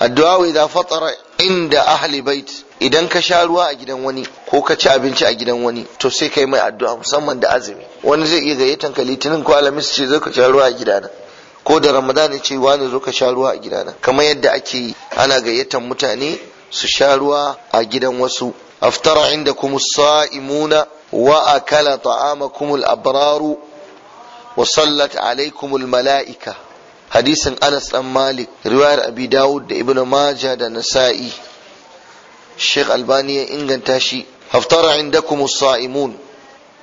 addu'a idza fatara inda ahli bait idan ka sha ruwa a gidan wani ko ka ci abinci a gidan wani to sai kai mai addu'a musamman da azumi wani zai iya gayyatan ka litinin ko alhamis ce zo ka sha ruwa a gidana ko da ramadan ce wani zo ka sha ruwa a gidana kamar yadda ake yi ana gayyatan mutane su sha ruwa a gidan wasu aftara inda kuma sa'imuna wa akala ta'amakumul abraru wa sallat alaikumul mala'ika hadisin Anas dan Malik riwayar Abi Dawud da ibnu Majah da Nasa'i Sheikh Albani ya inganta shi haftara indakum as-sa'imun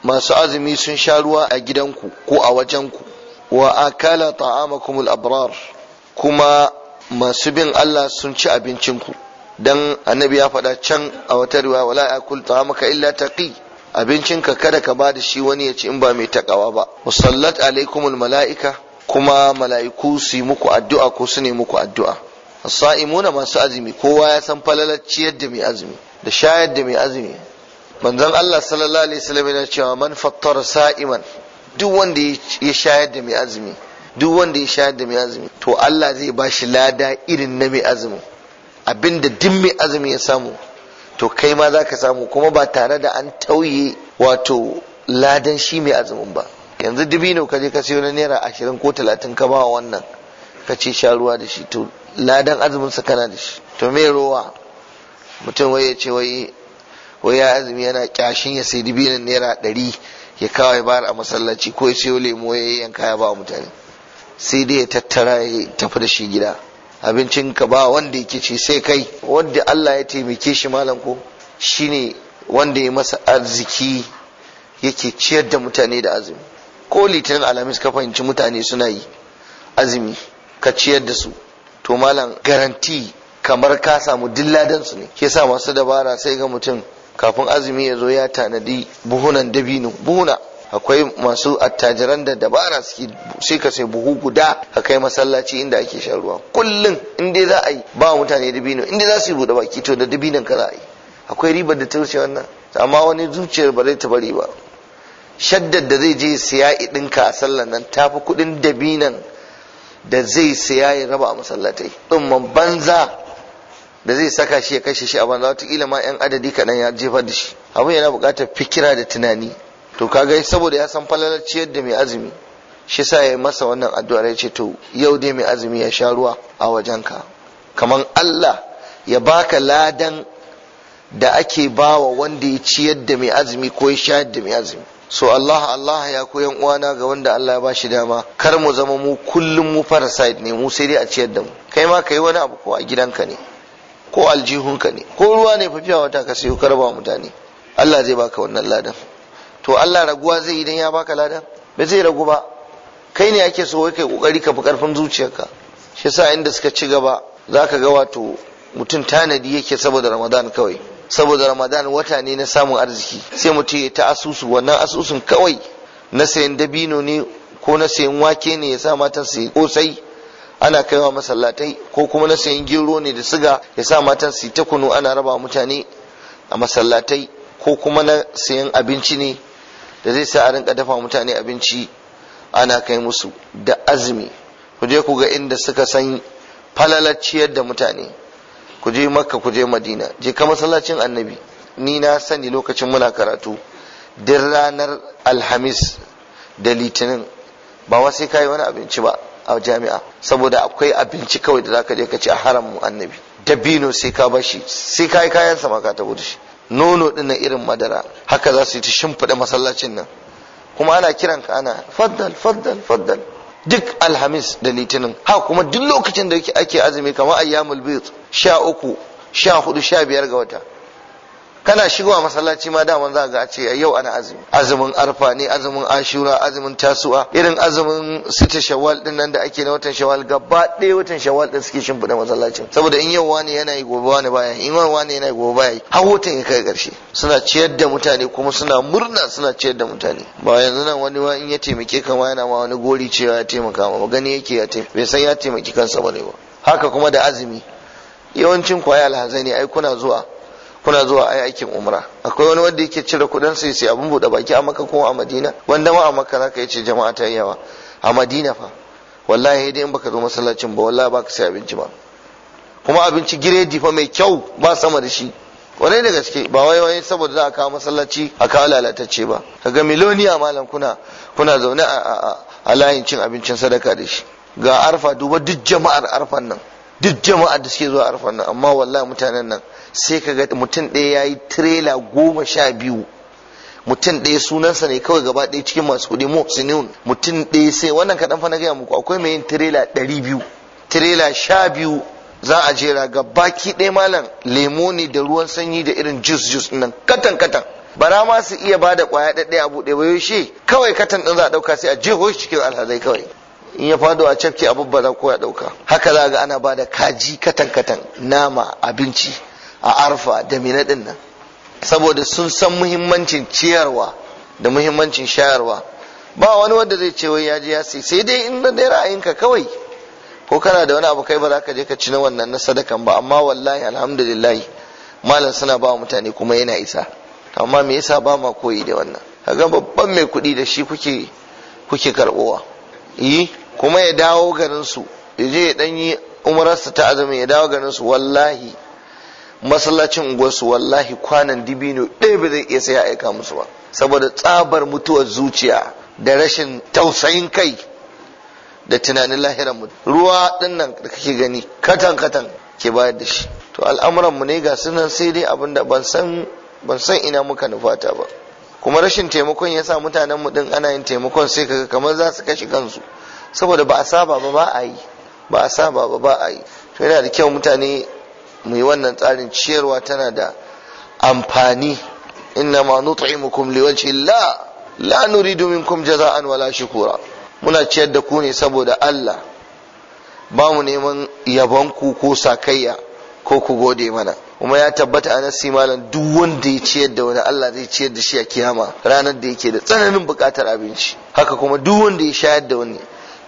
masu azumi sun sha ruwa a gidanku ko a wajenku wa akala ta'amakum al-abrar kuma masu bin Allah sun ci abincin ku. dan annabi ya faɗa can a wata riwaya wala yakul ta'amaka illa taqi abincinka kada ka bada shi wani ya ci in ba mai takawa ba musallat alaikumul mala'ika kuma mala'iku su yi muku addu'a ko su ne muku addu'a sa'imuna masu azumi kowa ya san falalar ciyar da mai azumi da shayar da mai azumi manzon Allah sallallahu alaihi wasallam yana cewa man fattara sa'iman duk wanda ya shayar da mai azumi duk wanda ya shayar da mai azumi to Allah zai ba shi lada irin na mai azumi abinda duk mai azumi ya samu to kai ma zaka samu kuma ba tare da an tauye wato ladan shi mai azumin ba yanzu dibino ka je ka sayo na naira ashirin ko talatin ka ba wannan ka ce sha ruwa da shi to ladan azumin sa kana da shi to me ruwa mutum wai ce wai wai ya azumi yana kyashin ya sai dibinon naira ɗari ya kawo ya bayar a masallaci ko ya sayo lemo ya yanka ya ba mutane sai dai ya tattara ya tafi da shi gida abincin ka ba wanda yake ci sai kai wanda Allah ya taimake shi malam ko shine wanda ya masa arziki yake ciyar da mutane da azumi ko litinin alhamis ka fahimci mutane suna yi azumi ka ciyar da su to malam garanti kamar ka samu dilladan su ne ke sa masu dabara sai ga mutum kafin azumi ya zo ya tanadi buhunan dabino buhuna akwai masu attajiran da dabara suke sai ka sai buhu guda ka kai masallaci inda ake shan ruwa kullum in dai za a yi ba mutane dabino in dai za su yi buɗe baki to da dabinon ka za a yi akwai ribar da ta wuce wannan amma wani zuciyar ba zai ta bari ba shaddar da zai je siya idinka a sallar nan tafi kudin dabinan da zai siya ya raba a masallatai tsumman banza da zai saka shi ya kashe shi a banza watakila ma yan adadi kaɗan ya jefar da shi abin yana buƙatar fikira da tunani to ka kaga saboda ya san falalar ciyar da mai azumi shi sa ya yi masa wannan addu'ar ya ce to yau dai mai azumi ya sha ruwa a wajenka Kamar Allah ya baka ladan da ake bawa wanda ya ciyar da mai azumi ko ya shayar da mai azumi so Allah Allah ya koyan uwana ga wanda Allah ya ba shi dama kar mu zama mu kullum mu parasite ne mu sai dai a ciyar da mu kai ma kai wani abu ko a gidanka ne ko aljihunka ne ko ruwa ne fafiya wata ka sayo ka raba mutane Allah zai baka wannan ladan to Allah raguwa zai idan ya baka ladan ba zai ragu ba kai ne ake so kai kokari ka fi karfin zuciyarka shi yasa inda suka ci gaba zaka ga wato mutum tanadi yake saboda Ramadan kawai saboda ramadan wata ne na samun arziki sai mutum ya ta asusu wannan asusun kawai na sayan dabino ne ko na sayan wake ne ya sa matan su kosai ana kaiwa masallatai ko kuma na sayan gero ne da siga ya sa matan su ta kunu ana raba mutane a masallatai ko kuma na sayan abinci ne da zai sa a rinka dafa mutane abinci ana kai musu da azumi ku je ku ga inda suka san falalaciyar da mutane ku je makka ku je madina je ka masallacin annabi ni na sani lokacin muna karatu duk ranar alhamis da litinin ba wa sai kayi wani abinci ba a jami'a saboda akwai abinci kawai da zaka je ka ci a haram mu annabi dabino sai ka bashi sai kayi kayan sa ka tabo da shi nono din na irin madara haka za su yi ta shimfiɗa masallacin nan kuma ana kiran ka ana faddal faddal faddal duk alhamis da litinin haka kuma duk lokacin da ake azumi kamar ayyamul bayt sha uku sha hudu sha biyar ga wata kana shigowa masallaci ma daman za ga a ce yau ana azumi azumin arfa ne azumin ashura azumin tasu'a irin azumin sita shawwal din nan da ake na watan shawwal gaba ɗaya watan shawwal din suke shimfiɗa masallacin saboda in yau wani yana yi gobe wani baya in yau wani yana yi gobe baya har watan ya kai ƙarshe suna ciyar da mutane kuma suna murna suna ciyar da mutane ba yanzu nan wani wa in ya taimake kama yana ma wani gori cewa ya taimaka ma gani yake ya taimaka bai san ya taimaki kansa bane ba haka kuma da azumi yawancin kwaya alhazai ne ai kuna zuwa kuna zuwa ai aikin umra akwai wani wanda yake cire kudin sai sai abin bude baki a maka ko a madina wanda ma a maka zaka yace jama'a ta yawa a madina fa wallahi dai in baka zo masallacin ba wallahi baka sai abinci ba kuma abinci giredi fa mai kyau ba sama da shi Wani da gaske ba wai wai saboda za a kawo masallaci a kawo lalatacce ba kaga miloniya malam kuna kuna zaune a layin cin abincin sadaka da shi ga arfa duba duk jama'ar arfan nan duk jama'ar da suke zuwa arfan nan amma wallahi mutanen nan sai ka ga mutum ɗaya ya yi tirela goma sha biyu mutum ɗaya sunansa ne kawai gaba ɗaya cikin masu kuɗi muhsinun mutum ɗaya sai wannan kaɗan fa na gaya muku akwai mai yin tirela ɗari biyu tirela sha biyu za a jera ga baki ɗaya malam lemo ne da ruwan sanyi da irin jus jus nan katan katan bara ma su iya ba da ƙwaya ɗaɗɗaya abu ɗaya bayo shi kawai katan ɗin za a ɗauka sai a jeho shi cikin alhazai kawai in ya fado a cafke abu za ko ya ɗauka haka za ga ana ba da kaji katan katan nama abinci a arfa da mina din nan saboda sun san muhimmancin ciyarwa da muhimmancin shayarwa ba wani wanda zai ce wai ya ji ya sai sai dai in da ra'ayinka kawai ko kana da wani abu kai ba za ka je ka ci na wannan na sadakan ba amma wallahi alhamdulillah malam suna ba mutane kuma yana isa amma me yasa ba ma koyi da wannan kaga babban mai kuɗi da shi kuke kuke karbowa yi kuma ya dawo garin su ya je ya dan yi umararsa ta azumin ya dawo garin su wallahi masallacin unguwarsu wallahi kwanan dibino ɗaya ba zai iya sai aika musu ba saboda tsabar mutuwar zuciya da rashin tausayin kai da tunanin lahiran mu ruwa dinnan da kake gani katan katan ke bayar da shi to al'amuran mu ne ga sunan sai dai abin da ban san ina muka nufata ba kuma rashin taimakon yasa mutanen mu din ana yin taimakon sai kaga kamar za su kashe kansu saboda ba a saba ba ba a yi ba a saba ba ba a yi to yana da kyau mutane mu wannan tsarin ciyarwa tana da amfani inna ma nut'imukum liwajhi la la nuridu minkum jaza'an wala shukura muna ciyar da ku ne saboda Allah ba mu neman yabon ku ko sakayya ko ku gode mana kuma ya tabbata a nasi malam duk wanda ya ciyar da wani Allah zai ciyar da shi a kiyama ranar da yake da tsananin bukatar abinci haka kuma duk wanda ya shayar da wani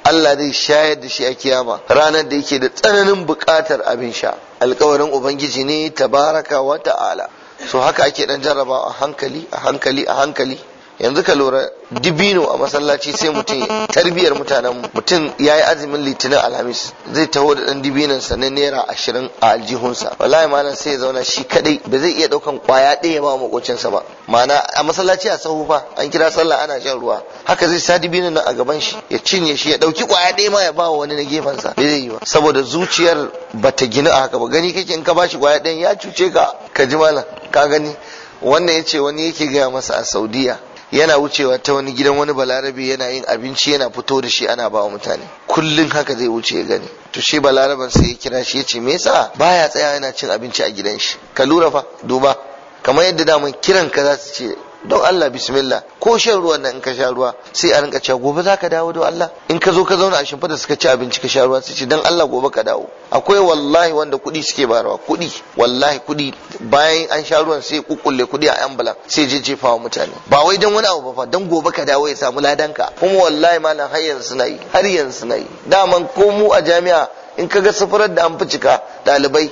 Allah zai shayar da shi a kiyama ranar da yake da tsananin buƙatar abin sha alkawarin ubangiji ne tabaraka wa ta'ala so haka ake dan jarrabawa a hankali a hankali a hankali yanzu ka lura dibino a masallaci sai mutum tarbiyar mutanen mutum ya yi azumin litinin alhamis zai taho da dan dibinan sa na naira ashirin a aljihunsa wallahi ma'ana sai ya zauna shi kadai ba zai iya daukan kwaya ɗaya ba makocinsa ba ma'ana a masallaci a sahu fa an kira sallah ana shan ruwa haka zai sa dibinan nan a gaban shi ya cinye shi ya ɗauki kwaya ɗaya ma ya ba wani na gefensa ba zai yi ba saboda zuciyar bata gina a haka ba gani kake in ka bashi kwaya ɗaya ya cuce ka ka ji malam ka gani wannan ya ce wani yake gaya masa a saudiya yana wucewa ta wani gidan wani balarabe yana yin abinci yana fito da shi ana ba wa mutane kullum haka zai wuce ya gani to shi balaraben sai ya kira shi ya ce me yasa baya tsaya yana cin abinci a gidan shi ka lura fa duba kamar yadda mun kiran ka za su ce don Allah bismillah ko shan ruwan nan in ka sha ruwa sai a rinka cewa gobe za ka dawo don Allah in ka zo ka zauna a shimfida suka ci abinci ka sha ruwa sai ce don Allah gobe ka dawo akwai wallahi wanda kuɗi suke barawa kuɗi wallahi kuɗi bayan an sha ruwan sai kukulle kuɗi a ambulan sai je jefa wa mutane ba wai don wani abu ba fa don gobe ka dawo ya samu ladanka kuma wallahi malam har yanzu suna yi har yanzu suna yi daman ko mu a jami'a in ka ga sufurar da an fi cika ɗalibai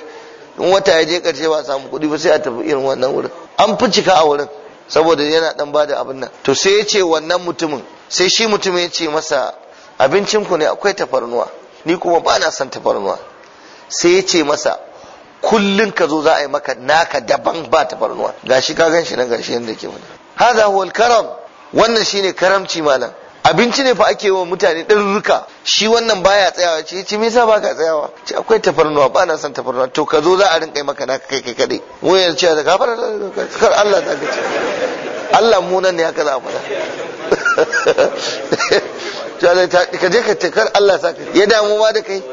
in wata ya je ƙarshe ba samu kuɗi ba sai a tafi irin wannan wurin an fi cika a wurin saboda yana dan bada abin nan to sai ya ce wannan mutumin sai shi mutumin ya ce masa abincin ku ne akwai tafarnuwa ni kuma ba na son tafarnuwa sai ya ce masa kullun ka zo za a yi maka naka daban ba tafarnuwa gashi ka gan shi nan gashi yadda ke faɗi hada huwa karam wannan shine karamci malam abinci ne fa ake wa mutane ɗarurruka shi wannan baya tsayawa ce ce me yasa baka tsayawa ce akwai tafarnuwa ba na son tafarnuwa to ka zo za a rinka maka naka kai kai kadai wayar ce da kafar kar Allah ta ka ce Allah munan ne haka za a ta, ka je ka tekar kar Allah sa ka ya damu ma da kai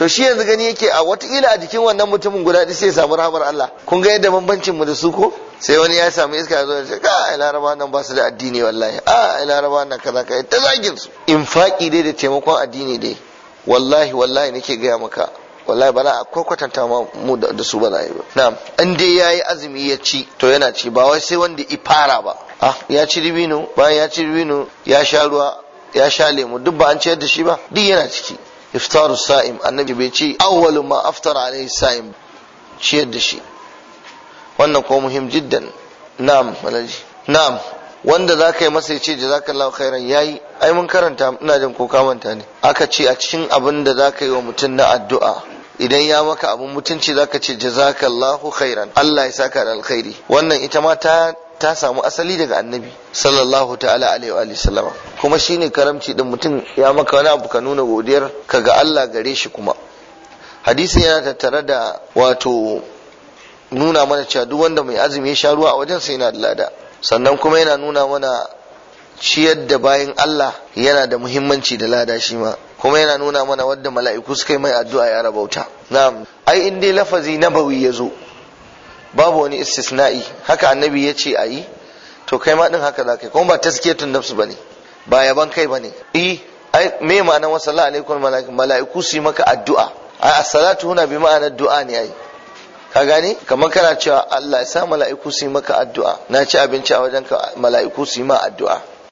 to shi yanzu gani yake a wataƙila a jikin wannan mutumin guda ɗi sai samu rahamar Allah kun ga yadda bambancin mu da su ko sai wani ya samu iska ya zo ya ce ka laraba nan ba su da addini wallahi a laraba nan kaza ka ta zagin su infaki dai da taimakon addini dai wallahi wallahi nake gaya maka wallahi ba za a kwakwatanta mu da su ba za yi ba na'am in dai ya yi azumi ya ci to yana ci ba wai sai wanda ifara ba ah ya ci ribino bayan ya ci ribino ya sha ruwa ya sha lemu duk ba an ciyar da shi ba duk yana ciki iftaru sa'im annabi bai ce awwalu ma a alaihi sa'im ciyar da shi wannan ko muhim jiddan na'am malaji na'am wanda za ka yi masa ya ce jazakallahu khairan yayi ai mun karanta ina jin ko kamanta ne aka ce a cikin abin da za ka yi wa mutum na addu'a idan ya maka abin mutunci za ka ce jazakallahu khairan Allah ya saka da alkhairi wannan ita ma ta ta samu asali daga annabi sallallahu ta'ala alaihi wa sallama kuma shine karamci din mutum ya maka wani abu ka nuna godiyar ka ga Allah gare shi kuma hadisin yana tattare da wato nuna mana cewa duk wanda mai azumi ya sha ruwa a wajen sai yana da lada sannan kuma yana nuna mana ciyar da bayan Allah yana da muhimmanci da lada shi ma kuma yana nuna mana wadda mala'iku suka yi mai addu'a ya rabauta na'am ai in dai lafazi nabawi ya zo babu wani istisna'i haka annabi ya ce a yi to kai ma din haka za ka yi kuma ba tun nafsu bane ba yaban kai bane i ai me ma'ana wa sallallahu alaihi mala'iku su yi maka addu'a ai as-salatu huna bi ma'ana du'a ne ai ka gane kamar kana cewa Allah ya sa mala'iku su yi maka addu'a na ci abinci a wajen ka mala'iku su yi ma addu'a